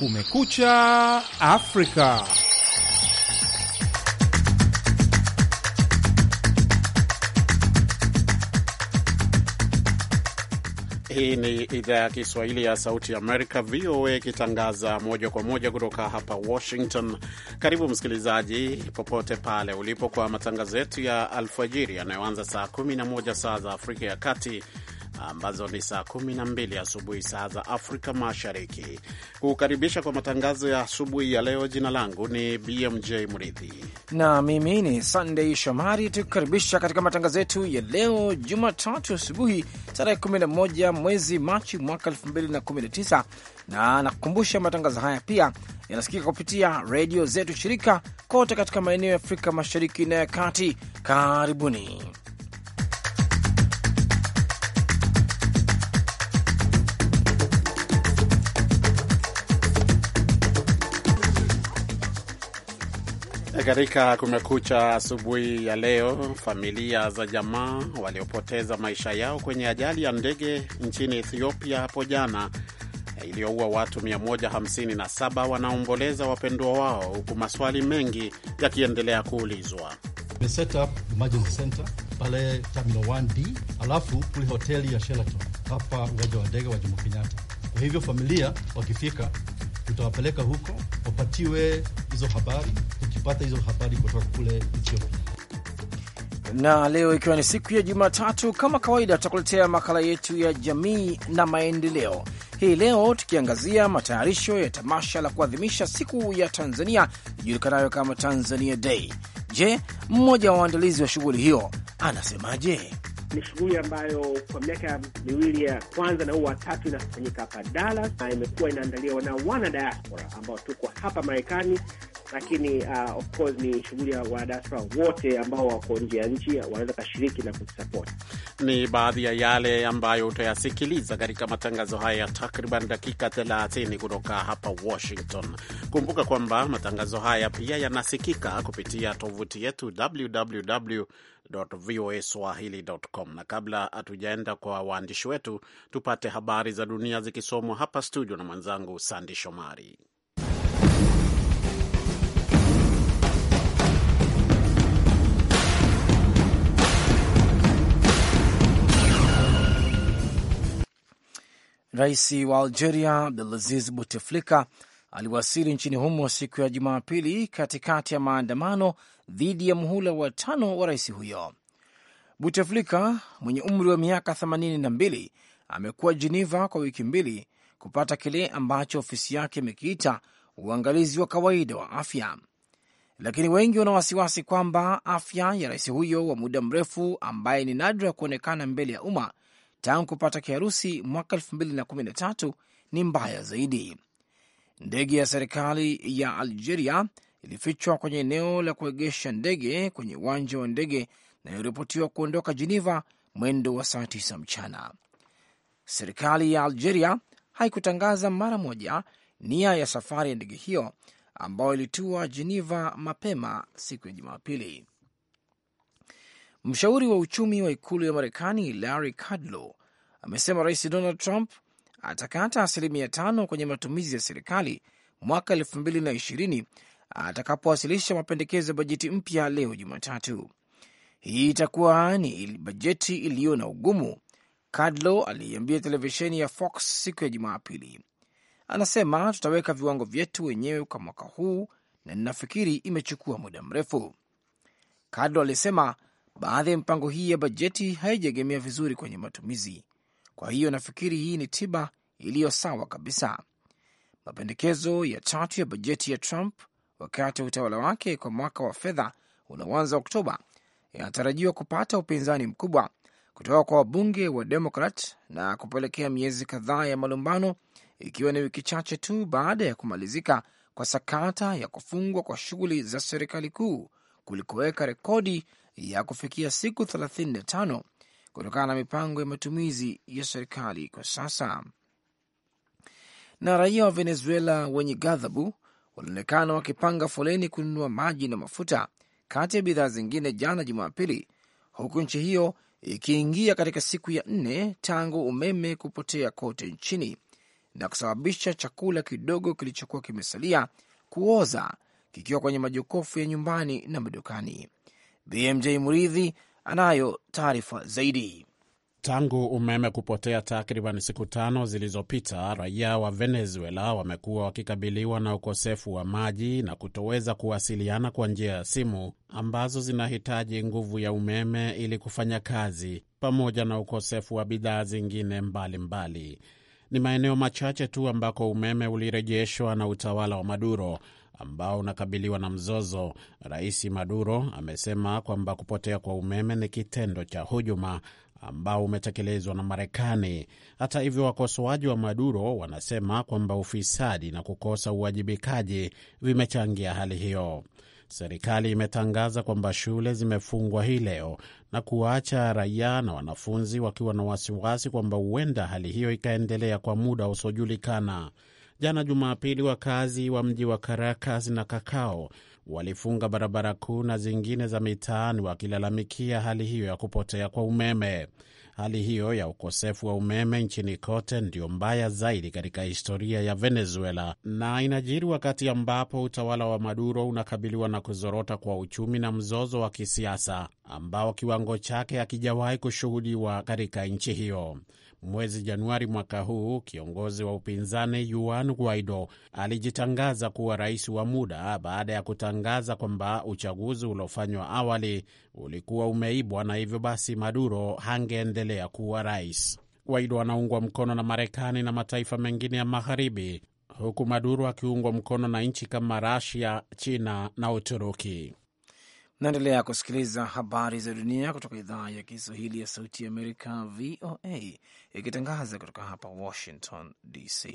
Kumekucha Afrika. Hii ni idhaa ya Kiswahili ya Sauti Amerika, VOA, ikitangaza moja kwa moja kutoka hapa Washington. Karibu msikilizaji, popote pale ulipo, kwa matangazo yetu ya alfajiri yanayoanza saa 11 saa za Afrika ya Kati ambazo ni saa 12 asubuhi saa za Afrika Mashariki. Kukaribisha kwa matangazo ya asubuhi ya leo, jina langu ni BMJ Mridhi na mimi ni Sandei Shomari, tukukaribisha katika matangazo yetu ya leo Jumatatu asubuhi tarehe 11 mwezi Machi mwaka 2019 na nakukumbusha matangazo haya pia yanasikika kupitia redio zetu shirika kote katika maeneo ya Afrika Mashariki na ya Kati. Karibuni. Katika Kumekucha asubuhi ya leo, familia za jamaa waliopoteza maisha yao kwenye ajali ya ndege nchini Ethiopia hapo jana eh, iliyoua watu 157 wanaomboleza wapendwa wao, huku maswali mengi yakiendelea kuulizwa. Pale Terminal 1 d alafu kule hoteli ya Sheraton hapa uwanja wa ndege wa Jomo Kenyatta. Kwa hivyo familia wakifika, tutawapeleka huko wapatiwe hizo habari kupata hizo habari kutoka kule Ethiopia. Na leo ikiwa ni siku ya Jumatatu, kama kawaida, tutakuletea makala yetu ya jamii na maendeleo hii leo, tukiangazia matayarisho ya tamasha la kuadhimisha siku ya Tanzania ijulikanayo kama Tanzania Day. Je, mmoja wa waandalizi wa shughuli hiyo anasemaje? Ni shughuli ambayo kwa miaka miwili ya kwanza na huu watatu inafanyika hapa Dallas na imekuwa inaandaliwa na wana diaspora ambao tuko hapa Marekani lakini uh, of course ni shughuli ya wadiaspora wote ambao wako nje ya nchi wanaweza kashiriki na kusapoti. Ni baadhi ya yale ambayo utayasikiliza katika matangazo haya ya takriban dakika 30 kutoka hapa Washington. Kumbuka kwamba matangazo haya pia yanasikika kupitia tovuti yetu www voa swahili.com. Na kabla hatujaenda kwa waandishi wetu, tupate habari za dunia zikisomwa hapa studio na mwenzangu Sandi Shomari. Rais wa Algeria Abdelaziz Bouteflika aliwasili nchini humo siku ya Jumapili katikati ya maandamano dhidi ya muhula wa tano wa rais huyo. Bouteflika mwenye umri wa miaka 82 amekuwa Jeneva kwa wiki mbili kupata kile ambacho ofisi yake imekiita uangalizi wa kawaida wa afya, lakini wengi wana wasiwasi kwamba afya ya rais huyo wa muda mrefu ambaye ni nadra kuonekana mbele ya umma tangu kupata kiharusi mwaka 2013 ni mbaya zaidi. Ndege ya serikali ya Algeria ilifichwa kwenye eneo la kuegesha ndege kwenye uwanja wa ndege na iliripotiwa kuondoka jeniva mwendo wa saa tisa mchana. Serikali ya Algeria haikutangaza mara moja nia ya safari ya ndege hiyo ambayo ilitua jeniva mapema siku ya Jumapili. Mshauri wa uchumi wa ikulu ya Marekani Larry Kudlow amesema Rais Donald Trump atakata asilimia tano kwenye matumizi ya serikali mwaka elfu mbili na ishirini atakapowasilisha mapendekezo ya bajeti mpya leo Jumatatu. Hii itakuwa ni bajeti iliyo na ugumu, Kadlo aliiambia televisheni ya Fox siku ya Jumapili. Anasema, tutaweka viwango vyetu wenyewe kwa mwaka huu na ninafikiri imechukua muda mrefu. Kadlo alisema Baadhi ya mipango hii ya bajeti haijaegemea vizuri kwenye matumizi, kwa hiyo nafikiri hii ni tiba iliyo sawa kabisa. Mapendekezo ya tatu ya bajeti ya Trump wakati wa utawala wake kwa mwaka wa fedha unaoanza Oktoba yanatarajiwa kupata upinzani mkubwa kutoka kwa wabunge wa Demokrat na kupelekea miezi kadhaa ya malumbano, ikiwa ni wiki chache tu baada ya kumalizika kwa sakata ya kufungwa kwa shughuli za serikali kuu kulikoweka rekodi ya kufikia siku 35 kutokana na mipango ya matumizi ya serikali kwa sasa. Na raia wa Venezuela wenye ghadhabu walionekana wakipanga foleni kununua maji na mafuta kati ya bidhaa zingine jana Jumapili, huku nchi hiyo ikiingia katika siku ya nne tangu umeme kupotea kote nchini na kusababisha chakula kidogo kilichokuwa kimesalia kuoza kikiwa kwenye majokofu ya nyumbani na madukani. BMJ Muridhi anayo taarifa zaidi. Tangu umeme kupotea takriban siku tano zilizopita, raia wa Venezuela wamekuwa wakikabiliwa na ukosefu wa maji na kutoweza kuwasiliana kwa njia ya simu ambazo zinahitaji nguvu ya umeme ili kufanya kazi, pamoja na ukosefu wa bidhaa zingine mbalimbali. Ni maeneo machache tu ambako umeme ulirejeshwa na utawala wa Maduro ambao unakabiliwa na mzozo. Rais Maduro amesema kwamba kupotea kwa umeme ni kitendo cha hujuma ambao umetekelezwa na Marekani. Hata hivyo, wakosoaji wa Maduro wanasema kwamba ufisadi na kukosa uwajibikaji vimechangia hali hiyo. Serikali imetangaza kwamba shule zimefungwa hii leo na kuwaacha raia na wanafunzi wakiwa na wasiwasi kwamba huenda hali hiyo ikaendelea kwa muda usiojulikana. Jana Jumapili, wakazi wa mji wa Caracas na Kakao walifunga barabara kuu na zingine za mitaani wakilalamikia hali hiyo ya kupotea kwa umeme. Hali hiyo ya ukosefu wa umeme nchini kote ndiyo mbaya zaidi katika historia ya Venezuela na inajiri wakati ambapo utawala wa Maduro unakabiliwa na kuzorota kwa uchumi na mzozo wa kisiasa ambao kiwango chake hakijawahi kushuhudiwa katika nchi hiyo. Mwezi Januari mwaka huu kiongozi wa upinzani Juan Guaido alijitangaza kuwa rais wa muda baada ya kutangaza kwamba uchaguzi uliofanywa awali ulikuwa umeibwa na hivyo basi Maduro hangeendelea kuwa rais. Guaido anaungwa mkono na Marekani na mataifa mengine ya Magharibi, huku Maduro akiungwa mkono na nchi kama Rasia, China na Uturuki. Naendelea kusikiliza habari za dunia kutoka idhaa ya Kiswahili ya Sauti ya Amerika, VOA, ikitangaza kutoka hapa Washington DC.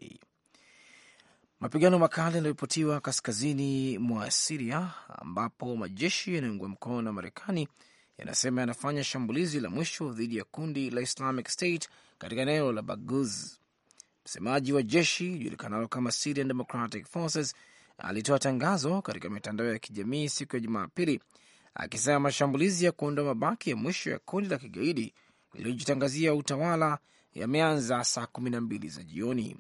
Mapigano makali yanaripotiwa kaskazini mwa Siria ambapo majeshi yanayoungwa mkono na Marekani yanasema yanafanya shambulizi la mwisho dhidi ya kundi la Islamic State katika eneo la Baguz. Msemaji wa jeshi julikanalo kama Syrian Democratic Forces alitoa tangazo katika mitandao ya kijamii siku ya Jumapili akisema mashambulizi ya kuondoa mabaki ya mwisho ya kundi la kigaidi lililojitangazia utawala yameanza saa kumi na mbili za jioni.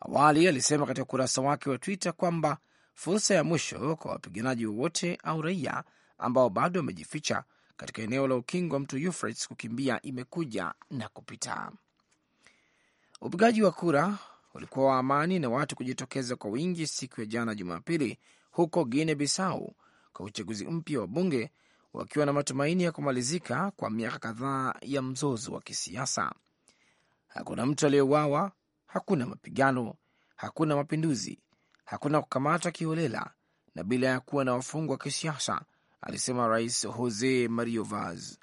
Awali alisema katika ukurasa wake wa Twitter kwamba fursa ya mwisho kwa wapiganaji wowote au raia ambao bado wamejificha katika eneo la ukingo wa mto Euphrates kukimbia imekuja na kupita. Upigaji wa kura ulikuwa wa amani na watu kujitokeza kwa wingi siku ya jana Jumapili huko Guinea Bissau kwa uchaguzi mpya wa bunge wakiwa na matumaini ya kumalizika kwa miaka kadhaa ya mzozo wa kisiasa. Hakuna mtu aliyeuawa, hakuna mapigano, hakuna mapinduzi, hakuna kukamatwa kiholela na bila ya kuwa na wafungwa wa kisiasa, alisema Rais Jose Mario Vaz.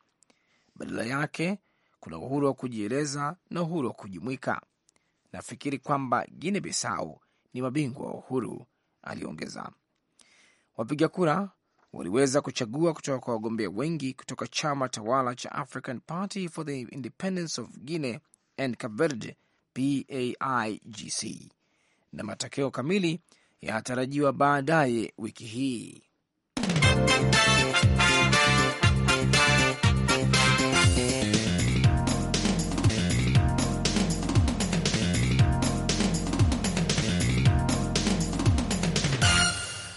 Badala yake kuna uhuru wa kujieleza na uhuru wa kujumuika. Nafikiri kwamba Guinea Bissau ni mabingwa wa uhuru, aliongeza. Wapiga kura waliweza kuchagua kutoka kwa wagombea wengi kutoka chama tawala cha African Party for the Independence of Guinea and Cape Verde, PAIGC, na matokeo kamili yanatarajiwa baadaye wiki hii.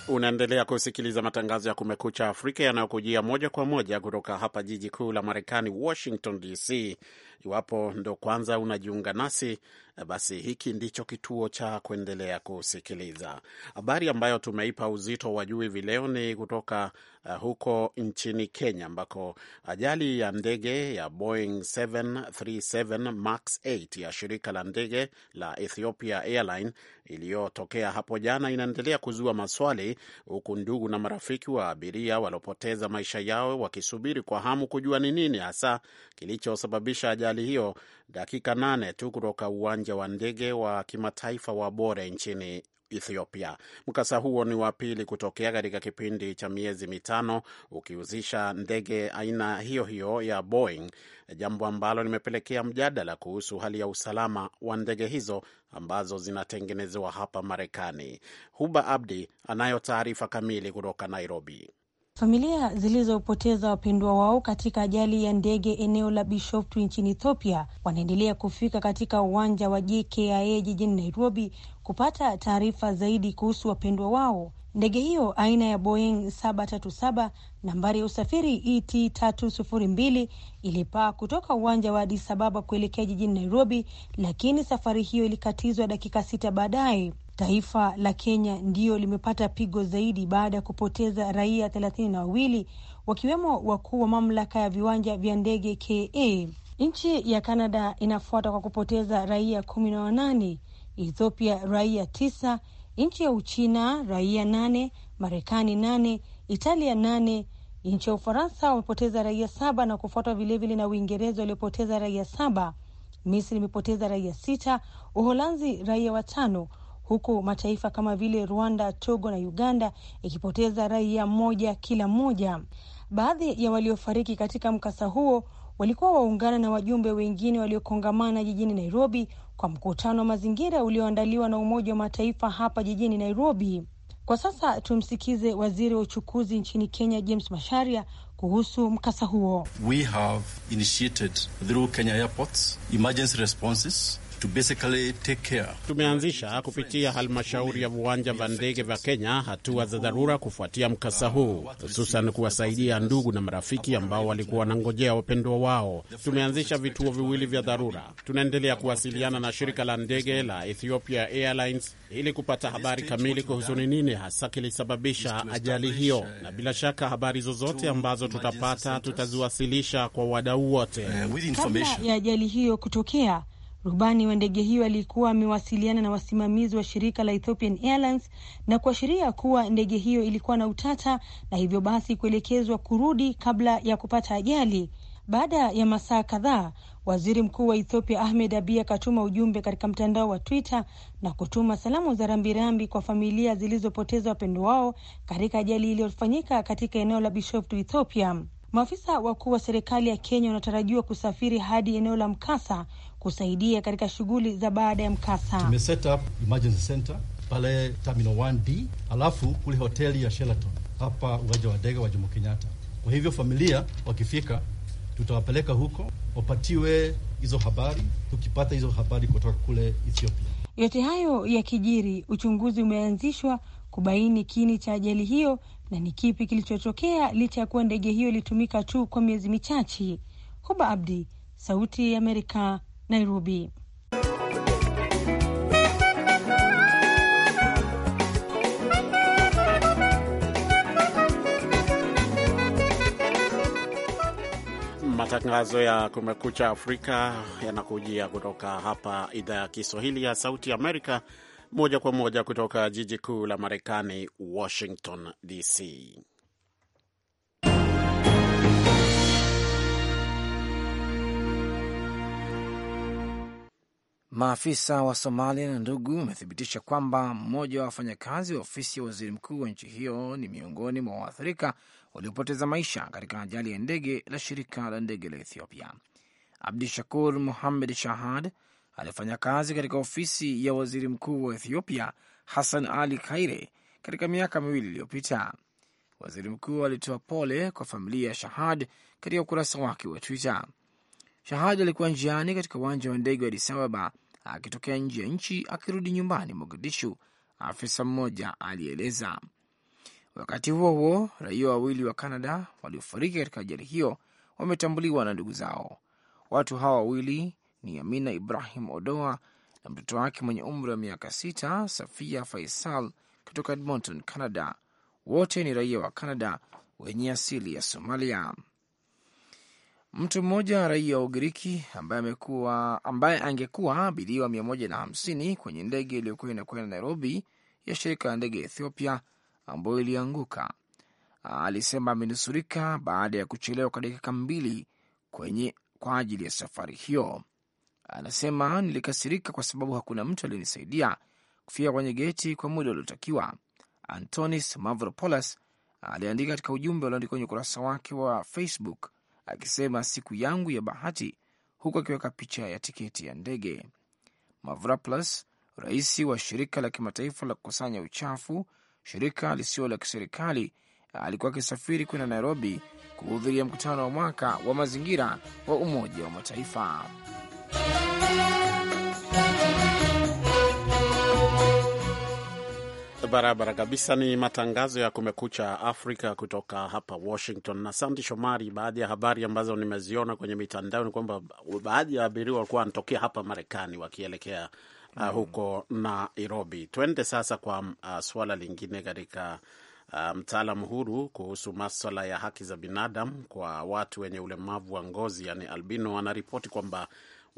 Unaendelea kusikiliza matangazo ya Kumekucha Afrika yanayokujia moja kwa moja kutoka hapa jiji kuu la Marekani, Washington DC, Iwapo ndo kwanza unajiunga nasi, eh, basi hiki ndicho kituo cha kuendelea kusikiliza. Habari ambayo tumeipa uzito wa juu hivi leo ni kutoka uh, huko nchini Kenya ambako ajali ya ndege ya Boeing 737 Max 8 ya shirika la ndege la Ethiopia Airline iliyotokea hapo jana inaendelea kuzua maswali, huku ndugu na marafiki wa abiria waliopoteza maisha yao wakisubiri kwa hamu kujua ni nini hasa kilichosababisha ajali ajali hiyo dakika nane tu kutoka uwanja wa ndege wa kimataifa wa Bore nchini Ethiopia. Mkasa huo ni wa pili kutokea katika kipindi cha miezi mitano ukihusisha ndege aina hiyo hiyo ya Boeing, jambo ambalo limepelekea mjadala kuhusu hali ya usalama wa ndege hizo ambazo zinatengenezewa hapa Marekani. Huba Abdi anayo taarifa kamili kutoka Nairobi. Familia zilizopoteza wapendwa wao katika ajali ya ndege eneo la Bishoftu nchini Ethiopia wanaendelea kufika katika uwanja wa JKIA jijini Nairobi kupata taarifa zaidi kuhusu wapendwa wao. Ndege hiyo aina ya Boeing 737 nambari ya usafiri ET 302 ilipaa kutoka uwanja wa Addis Ababa kuelekea jijini Nairobi, lakini safari hiyo ilikatizwa dakika sita baadaye Taifa la Kenya ndiyo limepata pigo zaidi baada ya kupoteza raia thelathini na wawili wakiwemo wakuu wa mamlaka ya viwanja vya ndege KA. Nchi ya Kanada inafuata kwa kupoteza raia kumi na wanane, Ethiopia raia tisa, nchi ya Uchina raia nane, Marekani nane, Italia nane. Nchi ya Ufaransa wamepoteza raia saba na kufuatwa vilevile na Uingereza waliopoteza raia saba. Misri imepoteza raia sita, Uholanzi raia watano, huku mataifa kama vile Rwanda, Togo na Uganda ikipoteza raia mmoja kila mmoja. Baadhi ya waliofariki katika mkasa huo walikuwa waungana na wajumbe wengine waliokongamana jijini Nairobi kwa mkutano wa mazingira ulioandaliwa na Umoja wa Mataifa hapa jijini Nairobi. Kwa sasa tumsikize waziri wa uchukuzi nchini Kenya, James Masharia, kuhusu mkasa huo. We have initiated through Kenya airports emergency responses to basically take care. Tumeanzisha kupitia halmashauri ya viwanja vya ndege vya Kenya hatua za dharura kufuatia mkasa huu, hususan kuwasaidia ndugu na marafiki ambao walikuwa wanangojea wapendwa wao. Tumeanzisha vituo viwili vya dharura. Tunaendelea kuwasiliana na shirika la ndege la Ethiopia Airlines ili kupata habari kamili kuhusu ni nini hasa kilisababisha ajali hiyo, na bila shaka habari zozote ambazo tutapata tutaziwasilisha kwa wadau wote. Kabla ya ajali hiyo kutokea Rubani wa ndege hiyo alikuwa amewasiliana na wasimamizi wa shirika la Ethiopian Airlines na kuashiria kuwa ndege hiyo ilikuwa na utata na hivyo basi kuelekezwa kurudi kabla ya kupata ajali. Baada ya masaa kadhaa, waziri mkuu wa Ethiopia Ahmed Abiy akatuma ujumbe katika mtandao wa Twitter na kutuma salamu za rambirambi kwa familia zilizopoteza wapendo wao katika ajali iliyofanyika katika eneo la Bishoftu, Ethiopia. Maafisa wakuu wa serikali ya Kenya wanatarajiwa kusafiri hadi eneo la mkasa kusaidia katika shughuli za baada ya mkasa. Tume set up emergency center pale terminal 1D, alafu kule hoteli ya Sheraton hapa uwanja wa ndege wa Jomo Kenyatta. Kwa hivyo familia wakifika, tutawapeleka huko wapatiwe hizo habari, tukipata hizo habari kutoka kule Ethiopia. Yote hayo yakijiri, uchunguzi umeanzishwa kubaini kiini cha ajali hiyo na ni kipi kilichotokea licha ya kuwa ndege hiyo ilitumika tu kwa miezi michache. Huba Abdi, Sauti ya Amerika, Nairobi. Matangazo ya Kumekucha Afrika yanakujia kutoka hapa idhaa ya Kiswahili ya Sauti Amerika moja kwa moja kutoka jiji kuu la Marekani, Washington DC. Maafisa wa Somalia na ndugu wamethibitisha kwamba mmoja wa wafanyakazi wa ofisi ya waziri mkuu wa nchi hiyo ni miongoni mwa waathirika waliopoteza maisha katika ajali ya ndege la shirika la ndege la Ethiopia. abdu Shakur Muhamed Shahad alifanya kazi katika ofisi ya waziri mkuu wa Ethiopia Hassan Ali Kaire katika miaka miwili iliyopita. Waziri mkuu alitoa pole kwa familia ya Shahad katika ukurasa wake wa Twitter. Shahad alikuwa njiani katika uwanja wa ndege wa disababa akitokea nje ya nchi akirudi nyumbani Mogadishu, afisa mmoja alieleza. Wakati huo huo, raia wawili wa canada waliofariki katika ajali hiyo wametambuliwa na ndugu zao. Watu hawa wawili ni Amina Ibrahim Odoa na mtoto wake mwenye umri wa miaka sita Safia Faisal kutoka Edmonton, Canada. Wote ni raia wa Canada wenye asili ya Somalia. Mtu mmoja raia wa Ugiriki ambaye amekuwa ambaye angekuwa abiliwa mia moja na hamsini kwenye ndege iliyokuwa inakwenda Nairobi ya shirika la ndege ya Ethiopia ambayo ilianguka alisema amenusurika baada ya kuchelewa kwa dakika mbili kwenye kwa ajili ya safari hiyo. Anasema nilikasirika kwa sababu hakuna mtu aliyenisaidia kufika kwenye geti kwa muda uliotakiwa. Antonis Mavropoulos aliandika katika ujumbe ulioandikwa kwenye ukurasa wake wa Facebook akisema siku yangu ya bahati, huku akiweka picha ya tiketi ya ndege. Mavropoulos, rais wa shirika la kimataifa la kukusanya uchafu, shirika lisio la kiserikali, alikuwa akisafiri kwenda Nairobi kuhudhuria mkutano wa mwaka wa mazingira wa Umoja wa Mataifa. Barabara kabisa. Ni matangazo ya Kumekucha Afrika kutoka hapa Washington. Na Sandi Shomari, baadhi ya habari ambazo nimeziona kwenye mitandao ni kwamba baadhi ya abiria walikuwa wanatokea hapa Marekani wakielekea uh, mm. huko Nairobi. Twende sasa kwa uh, suala lingine katika uh, mtaalamu huru kuhusu maswala ya haki za binadamu kwa watu wenye ulemavu wa ngozi, yani albino, anaripoti kwamba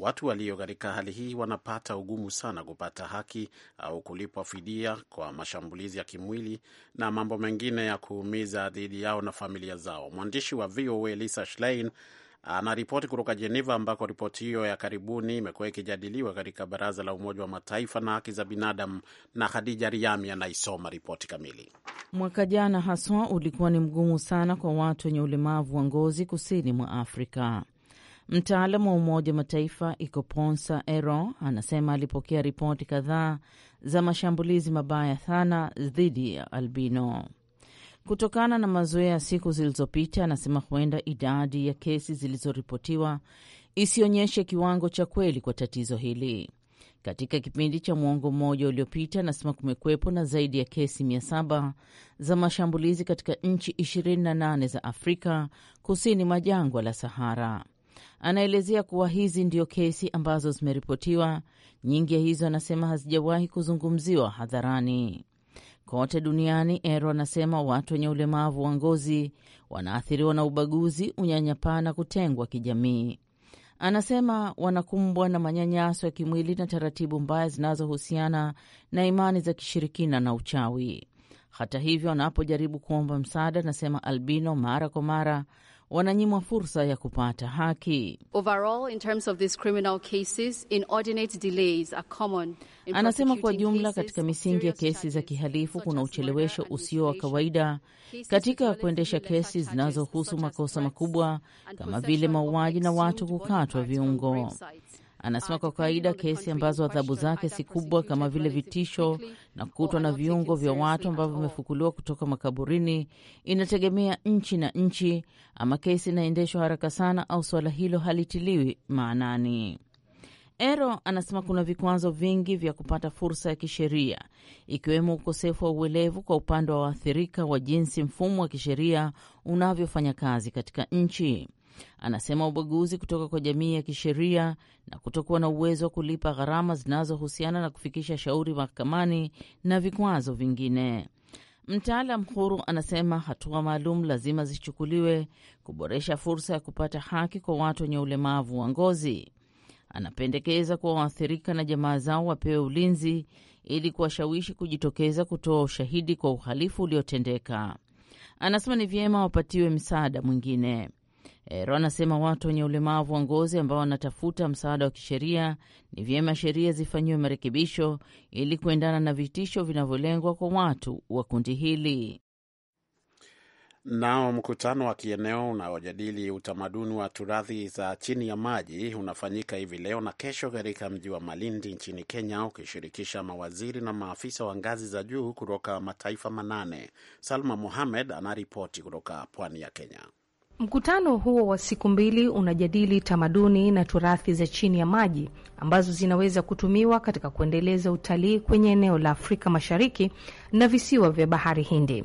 Watu walio katika hali hii wanapata ugumu sana kupata haki au kulipwa fidia kwa mashambulizi ya kimwili na mambo mengine ya kuumiza dhidi yao na familia zao. Mwandishi wa VOA Lisa Schlein anaripoti kutoka Jeneva, ambako ripoti hiyo ya karibuni imekuwa ikijadiliwa katika Baraza la Umoja wa Mataifa na haki za binadamu, na Khadija Riami anaisoma ripoti kamili. Mwaka jana haswa ulikuwa ni mgumu sana kwa watu wenye ulemavu wa ngozi kusini mwa Afrika. Mtaalamu wa Umoja wa Mataifa Ikoponsa Ero anasema alipokea ripoti kadhaa za mashambulizi mabaya sana dhidi ya albino. Kutokana na mazoea ya siku zilizopita, anasema huenda idadi ya kesi zilizoripotiwa isionyeshe kiwango cha kweli kwa tatizo hili. Katika kipindi cha mwongo mmoja uliopita, anasema kumekuwepo na zaidi ya kesi 700 za mashambulizi katika nchi 28 za Afrika kusini mwa jangwa la Sahara. Anaelezea kuwa hizi ndio kesi ambazo zimeripotiwa. Nyingi ya hizo anasema hazijawahi kuzungumziwa hadharani. Kote duniani, Ero anasema watu wenye ulemavu wa ngozi wanaathiriwa na ubaguzi, unyanyapaa na kutengwa kijamii. Anasema wanakumbwa na manyanyaso ya kimwili na taratibu mbaya zinazohusiana na imani za kishirikina na uchawi. Hata hivyo, anapojaribu kuomba msaada, anasema albino mara kwa mara wananyimwa fursa ya kupata haki. Overall, in terms of these criminal cases, inordinate delays are common. anasema kwa jumla, katika misingi ya kesi za kihalifu kuna uchelewesho usio wa kawaida katika kuendesha kesi zinazohusu makosa makubwa kama vile mauaji na watu kukatwa viungo. Anasema ah, kwa kawaida kesi ambazo adhabu zake si kubwa kama vile vitisho na kukutwa na viungo vya watu ambavyo vimefukuliwa kutoka makaburini inategemea nchi na nchi, ama kesi inaendeshwa haraka sana au suala hilo halitiliwi maanani. Ero anasema kuna vikwazo vingi vya kupata fursa ya kisheria ikiwemo ukosefu wa uelevu kwa upande wa waathirika wa jinsi mfumo wa kisheria unavyofanya kazi katika nchi. Anasema ubaguzi kutoka kwa jamii ya kisheria na kutokuwa na uwezo wa kulipa gharama zinazohusiana na kufikisha shauri mahakamani na vikwazo vingine. Mtaalam huru anasema hatua maalum lazima zichukuliwe kuboresha fursa ya kupata haki kwa watu wenye ulemavu wa ngozi. Anapendekeza kuwa waathirika na jamaa zao wapewe ulinzi ili kuwashawishi kujitokeza kutoa ushahidi kwa uhalifu uliotendeka. Anasema ni vyema wapatiwe msaada mwingine. Ero anasema watu wenye ulemavu wa ngozi ambao wanatafuta msaada wa kisheria ni vyema sheria zifanyiwe marekebisho ili kuendana na vitisho vinavyolengwa kwa watu wa kundi hili. Nao mkutano wa kieneo unaojadili utamaduni wa turathi za chini ya maji unafanyika hivi leo na kesho katika mji wa Malindi nchini Kenya, ukishirikisha mawaziri na maafisa wa ngazi za juu kutoka mataifa manane. Salma Mohamed anaripoti kutoka pwani ya Kenya. Mkutano huo wa siku mbili unajadili tamaduni na turathi za chini ya maji ambazo zinaweza kutumiwa katika kuendeleza utalii kwenye eneo la Afrika Mashariki na visiwa vya Bahari Hindi.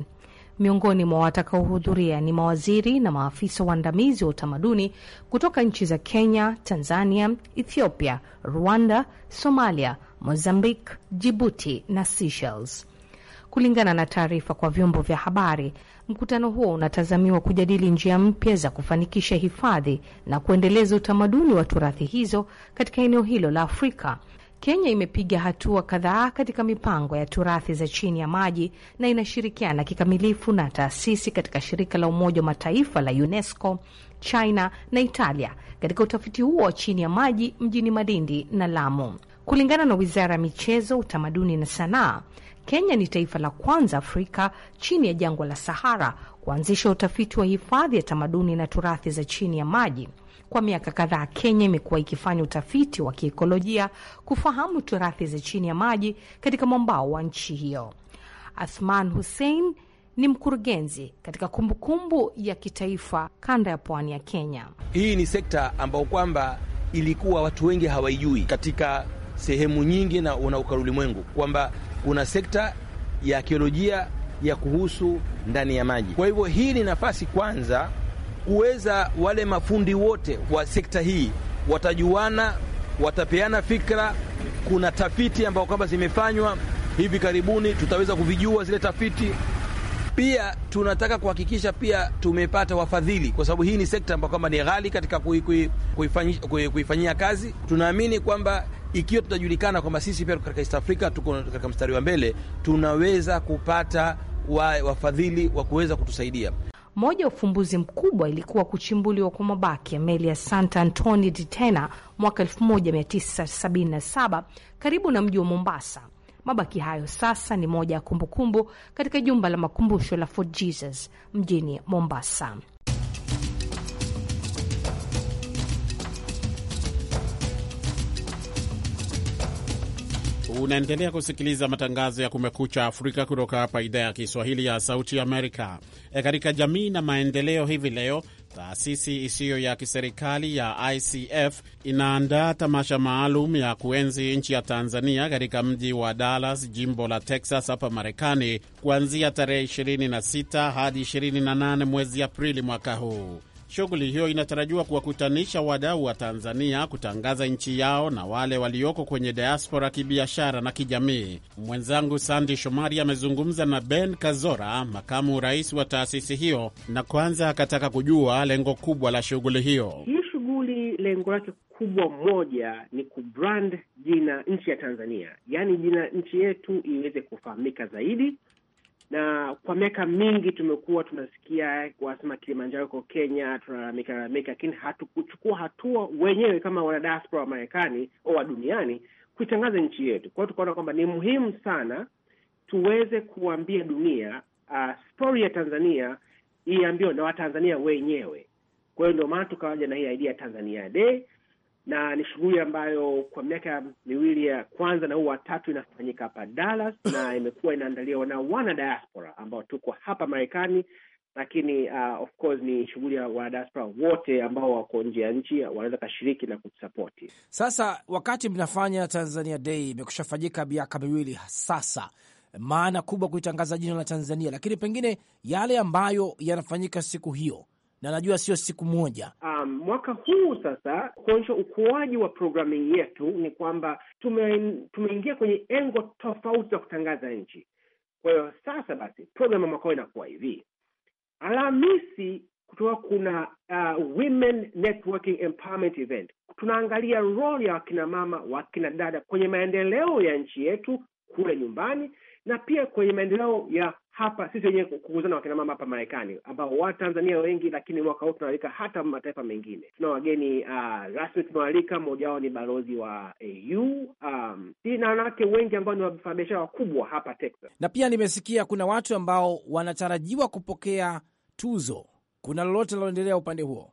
Miongoni mwa watakaohudhuria ni mawaziri na maafisa waandamizi wa utamaduni kutoka nchi za Kenya, Tanzania, Ethiopia, Rwanda, Somalia, Mozambique, Jibuti na Seychelles. Kulingana na taarifa kwa vyombo vya habari, mkutano huo unatazamiwa kujadili njia mpya za kufanikisha hifadhi na kuendeleza utamaduni wa turathi hizo katika eneo hilo la Afrika. Kenya imepiga hatua kadhaa katika mipango ya turathi za chini ya maji na inashirikiana kikamilifu na taasisi katika shirika la Umoja wa Mataifa la UNESCO, China na Italia katika utafiti huo wa chini ya maji mjini Madindi na Lamu. Kulingana na Wizara ya Michezo, Utamaduni na Sanaa, Kenya ni taifa la kwanza Afrika chini ya jangwa la Sahara kuanzisha utafiti wa hifadhi ya tamaduni na turathi za chini ya maji. Kwa miaka kadhaa Kenya imekuwa ikifanya utafiti wa kiekolojia kufahamu turathi za chini ya maji katika mwambao wa nchi hiyo. Athman Hussein ni mkurugenzi katika kumbukumbu kumbu ya kitaifa kanda ya pwani ya Kenya. Hii ni sekta ambayo kwamba ilikuwa watu wengi hawaijui katika sehemu nyingi na unauka ulimwengu kwamba kuna sekta ya akiolojia ya kuhusu ndani ya maji. Kwa hivyo hii ni nafasi kwanza kuweza wale mafundi wote wa sekta hii watajuana, watapeana fikra. Kuna tafiti ambazo kwamba zimefanywa hivi karibuni, tutaweza kuvijua zile tafiti pia tunataka kuhakikisha pia tumepata wafadhili, kwa sababu hii ni sekta ambayo kwamba ni ghali katika kuifanyia kazi. Tunaamini kwamba ikiwa tutajulikana kwamba sisi pia katika East Africa tuko katika mstari wa mbele, tunaweza kupata wa, wafadhili wa kuweza kutusaidia. moja ya ufumbuzi mkubwa ilikuwa kuchimbuliwa kwa mabaki ya meli ya Santa Antoni Ditena Tena mwaka 1977 karibu na mji wa Mombasa Mabaki hayo sasa ni moja ya kumbu kumbukumbu katika jumba la makumbusho la Fort Jesus mjini Mombasa. Unaendelea kusikiliza matangazo ya Kumekucha Afrika kutoka hapa idhaa ya Kiswahili ya Sauti ya Amerika. E, katika jamii na maendeleo hivi leo Taasisi isiyo ya kiserikali ya ICF inaandaa tamasha maalum ya kuenzi nchi ya Tanzania katika mji wa Dallas, jimbo la Texas hapa Marekani, kuanzia tarehe 26 hadi 28 mwezi Aprili mwaka huu. Shughuli hiyo inatarajiwa kuwakutanisha wadau wa Tanzania kutangaza nchi yao na wale walioko kwenye diaspora kibiashara na kijamii. Mwenzangu Sandi Shomari amezungumza na Ben Kazora, makamu rais wa taasisi hiyo, na kwanza akataka kujua lengo kubwa la shughuli hiyo. Hii shughuli lengo lake kubwa moja ni kubrand jina nchi ya Tanzania, yaani jina nchi yetu iweze kufahamika zaidi na kwa miaka mingi tumekuwa tunasikia wasema Kilimanjaro iko Kenya, tunalalamika lalamika, lakini hatukuchukua hatua wenyewe kama wanadiaspora wa Marekani au wa duniani kuitangaza nchi yetu. Kwa hiyo tukaona kwamba ni muhimu sana tuweze kuambia dunia uh, stori ya Tanzania iambiwe na Watanzania wenyewe. Kwa hiyo ndio maana tukawaja na hii idea ya Tanzania Day na ni shughuli ambayo kwa miaka miwili ya kwanza na huu watatu inafanyika hapa Dallas, na imekuwa inaandaliwa na wana diaspora ambao tuko hapa Marekani, lakini uh, of course ni shughuli ya wanadiaspora wote ambao wako nje ya nchi wanaweza kashiriki na kusapoti. Sasa wakati mnafanya Tanzania Day, fanyika miaka miwili sasa, maana kubwa kuitangaza jina la Tanzania, lakini pengine yale ambayo yanafanyika siku hiyo na najua sio siku moja. Um, mwaka huu sasa kuonyesha ukuaji wa programming yetu ni kwamba tumeingia tume kwenye engo tofauti za kutangaza nchi. Kwa hiyo sasa basi programu ya mwaka huu inakuwa hivi Alhamisi kutoka kuna uh, Women Networking Empowerment Event. Tunaangalia role ya wakinamama, wakina dada kwenye maendeleo ya nchi yetu kule nyumbani, na pia kwenye maendeleo ya hapa sisi wenyewe kuuzana mama hapa Marekani, ambao Watanzania wengi, lakini mwaka huu tunaalika hata mataifa mengine. Tuna wageni uh, rasmi tunawaalika, mmoja wao ni balozi wa AU um, na wanawake wengi ambao ni wafanyabiashara wakubwa hapa Texas, na pia nimesikia kuna watu ambao wanatarajiwa kupokea tuzo. Kuna lolote linaloendelea upande huo?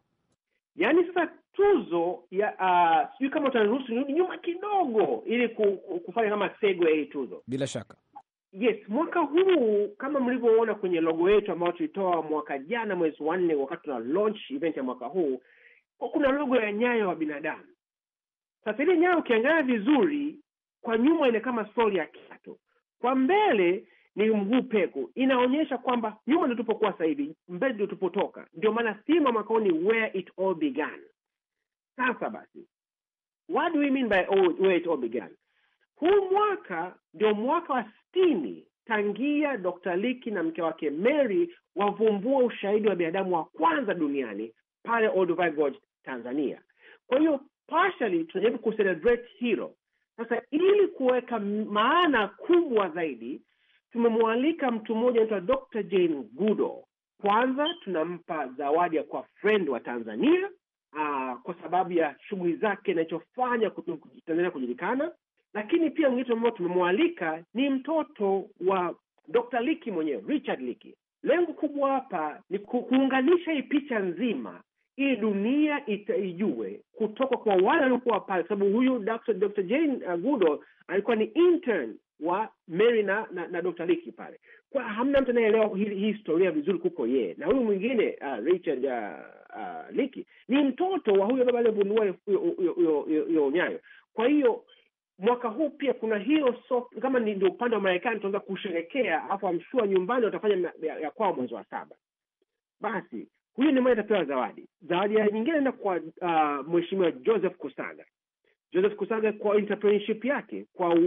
Yaani sasa tuzo ya uh, sijui kama utaniruhusu nirudi nyuma kidogo ili kufanya kama segue ya hii tuzo. Bila shaka Yes, mwaka huu kama mlivyoona kwenye logo yetu ambayo tulitoa mwaka jana mwezi wa nne, wakati tuna launch event ya mwaka huu, kuna logo ya nyayo wa binadamu. Sasa ile nyayo ukiangalia vizuri, kwa nyuma ina kama stori ya kiatu, kwa mbele ni mguu peku, inaonyesha kwamba nyuma ndio tupokuwa sasa hivi, mbele ndio tupotoka. Ndio maana theme mwaka huu ni where it all began. Sasa basi, what do we mean by all, where it all began? Huu mwaka ndio mwaka wa sitini tangia Dr. Liki na mke wake Mary wavumbua ushahidi wa binadamu wa kwanza duniani pale Olduvai Gorge, Tanzania. Kwa hiyo partially tunajaribu kucelebrate hilo sasa. Ili kuweka maana kubwa zaidi, tumemwalika mtu mmoja anaitwa Dr. Jane Goodall. Kwanza tunampa zawadi ya kuwa friend wa Tanzania aa, ah, kwa sababu ya shughuli zake inachofanya Tanzania kujulikana lakini pia mgeni ambao tumemwalika ni mtoto wa Dr. Liki mwenyewe, Richard Liki. Lengo kubwa hapa ni kuunganisha hii picha nzima ili dunia ijue kutoka kwa wale waliokuwa pale, sababu huyu Dr. Dr. Jane uh, alikuwa ni intern wa Mary na, na, na Dr. Liki pale. Kwa hamna mtu anayeelewa hii historia vizuri kuko yeye na huyu mwingine uh, Richard uh, uh, Liki ni mtoto wa huyo baba aliyebundua hiyo nyayo. Kwa hiyo mwaka huu pia kuna hiyo so, kama ni ndio upande wa Marekani tunaweza kusherekea, alafu amshua nyumbani watafanya ya, ya kwao mwezi wa saba. Basi huyu ni mmoja atapewa zawadi. Zawadi ya nyingine enda kwa uh, mheshimiwa Joseph Kusaga, Joseph Kusaga kwa entrepreneurship yake, kwa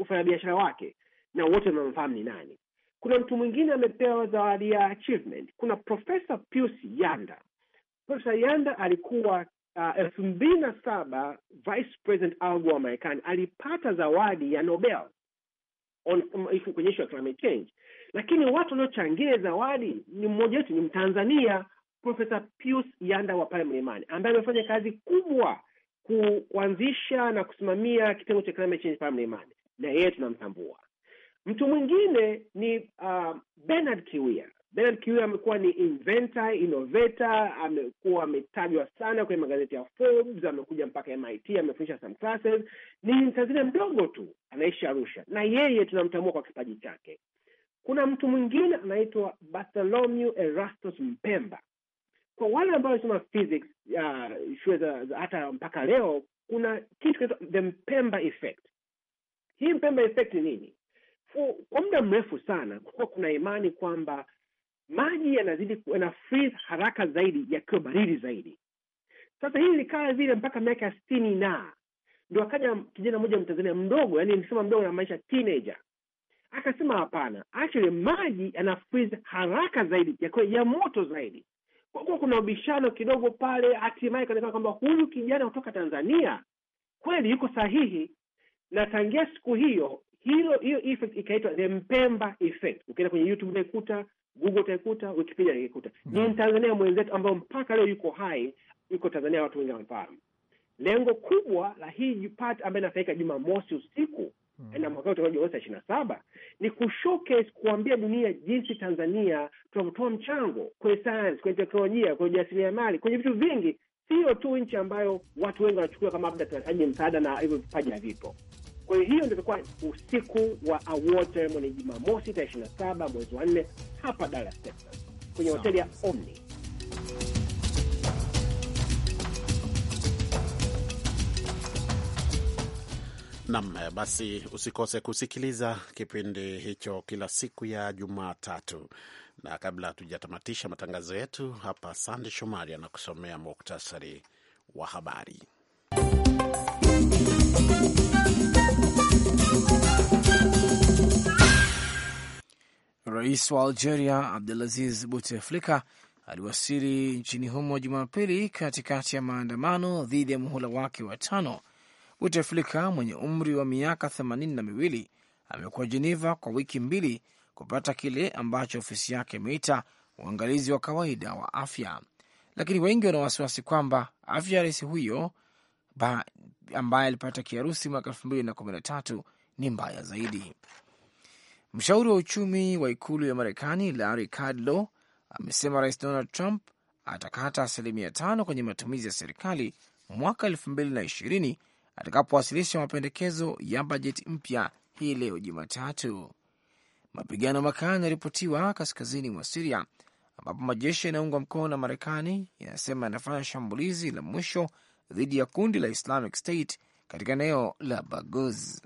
ufanyabiashara wake, na wote mnamfahamu ni nani. Kuna mtu mwingine amepewa zawadi ya achievement. Kuna Profesa Pius Yanda. Profesa Yanda alikuwa uh, elfu mbili na saba Vice President Al Gore wa Marekani alipata zawadi ya Nobel kwenye ishu ya climate change, lakini watu waliochangia zawadi ni mmoja wetu, ni Mtanzania Profesa Pius Yanda wa pale Mlimani ambaye amefanya kazi kubwa kuanzisha na kusimamia kitengo cha climate change pale Mlimani, na yeye tunamtambua. Mtu mwingine ni uh, Bernard Kiwia Bernard Kiuya amekuwa ni inventor, innovator, amekuwa ametajwa sana kwenye magazeti ya Forbes, amekuja mpaka MIT, amefundisha some classes. Ni Mtanzania mdogo tu, anaishi Arusha, na yeye tunamtambua kwa kipaji chake. Kuna mtu mwingine anaitwa Bartholomew Erastus Mpemba. Kwa wale ambao wanasoma physics uh, shule za, za hata mpaka leo kuna kitu kinaitwa the Mpemba effect. Hii Mpemba effect ni nini? Kwa muda mrefu sana kulikuwa kuna imani kwamba maji yanazidi yana freeze haraka zaidi yakiwa baridi zaidi. Sasa hili likaa vile mpaka miaka ya sitini na ndo akaja kijana mmoja Mtanzania mdogo, yani nisema mdogo na maisha teenager, akasema hapana, actually maji yana freeze haraka zaidi yakiwa ya moto zaidi. Kwa kuwa kuna ubishano kidogo pale, hatimaye ikaonekana kwamba huyu kijana kutoka Tanzania kweli yuko sahihi, na tangia siku hiyo hilo hiyo effect ikaitwa the Mpemba effect. Ukienda kwenye YouTube unaikuta Google utaikuta, Wikipedia mm -hmm. Ni mm. Tanzania mwenzetu ambao mpaka leo yuko hai, yuko Tanzania, watu wengi wanafahamu. Lengo kubwa la hii Jupata ambayo inafanyika Jumamosi usiku mm. -hmm. na mwaka utakuwa Jumamosi ishirini na saba ni kushowcase, kuambia dunia jinsi Tanzania tunavyotoa mchango kwenye science, kwenye teknolojia, kwenye ujasiriamali, kwenye vitu vingi, sio tu nchi ambayo watu wengi wanachukua kama labda tunahitaji msaada na hivyo vipaji havipo. Kwa hiyo hiyo ndio itakuwa usiku wa award ceremony yaani Jumamosi tarehe 27 mwezi wa 4 hapa Dallas, Texas kwenye hoteli ya Omni. Nam, basi usikose kusikiliza kipindi hicho kila siku ya Jumatatu. Na kabla hatujatamatisha matangazo yetu hapa, Sande Shomari anakusomea muktasari wa habari. Rais wa Algeria Abdulaziz Bouteflika aliwasili nchini humo Jumapili katikati ya maandamano dhidi ya muhula wake wa tano. Bouteflika mwenye umri wa miaka themanini na miwili amekuwa Jeneva kwa wiki mbili kupata kile ambacho ofisi yake imeita uangalizi wa kawaida wa afya, lakini wengi wana wasiwasi kwamba afya ya rais huyo ambaye alipata kiharusi mwaka elfu mbili na kumi na tatu ni mbaya zaidi. Mshauri wa uchumi wa ikulu ya Marekani Larry Kudlow amesema Rais Donald Trump atakata asilimia tano kwenye matumizi ya serikali mwaka elfu mbili na ishirini atakapowasilisha mapendekezo ya bajeti mpya hii leo Jumatatu. Mapigano makali yanaripotiwa kaskazini mwa Siria ambapo majeshi yanaungwa mkono na Marekani yanasema yanafanya shambulizi la mwisho dhidi ya kundi la Islamic State katika eneo la Baguz.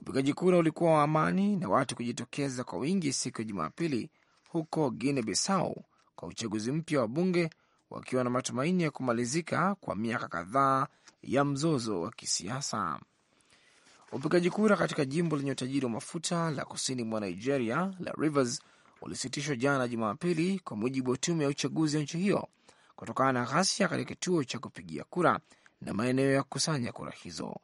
Upigaji kura ulikuwa wa amani na watu kujitokeza kwa wingi siku ya Jumapili huko Guinea Bissau kwa uchaguzi mpya wa bunge, wakiwa na matumaini ya kumalizika kwa miaka kadhaa ya mzozo wa kisiasa. Upigaji kura katika jimbo lenye utajiri wa mafuta la kusini mwa Nigeria la Rivers ulisitishwa jana Jumapili, kwa mujibu wa tume ya uchaguzi ya nchi hiyo kutokana na ghasia katika kituo cha kupigia kura na maeneo ya kukusanya kura hizo.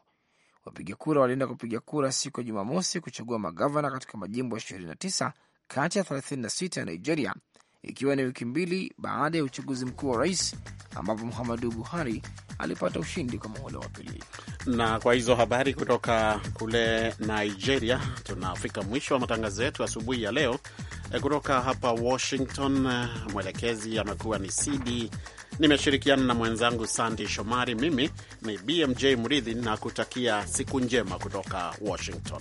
Wapiga kura walienda kupiga kura siku ya Jumamosi kuchagua magavana katika majimbo 29 kati ya 36 ya Nigeria, ikiwa ni wiki mbili baada ya uchaguzi mkuu wa rais ambapo Muhammadu Buhari alipata ushindi kwa muhula wa pili. Na kwa hizo habari kutoka kule Nigeria, tunafika mwisho wa matangazo yetu asubuhi ya leo eh, kutoka hapa Washington. Eh, mwelekezi amekuwa ni CD Nimeshirikiana na mwenzangu Sandi Shomari. Mimi ni BMJ Mridhi na kutakia siku njema kutoka Washington.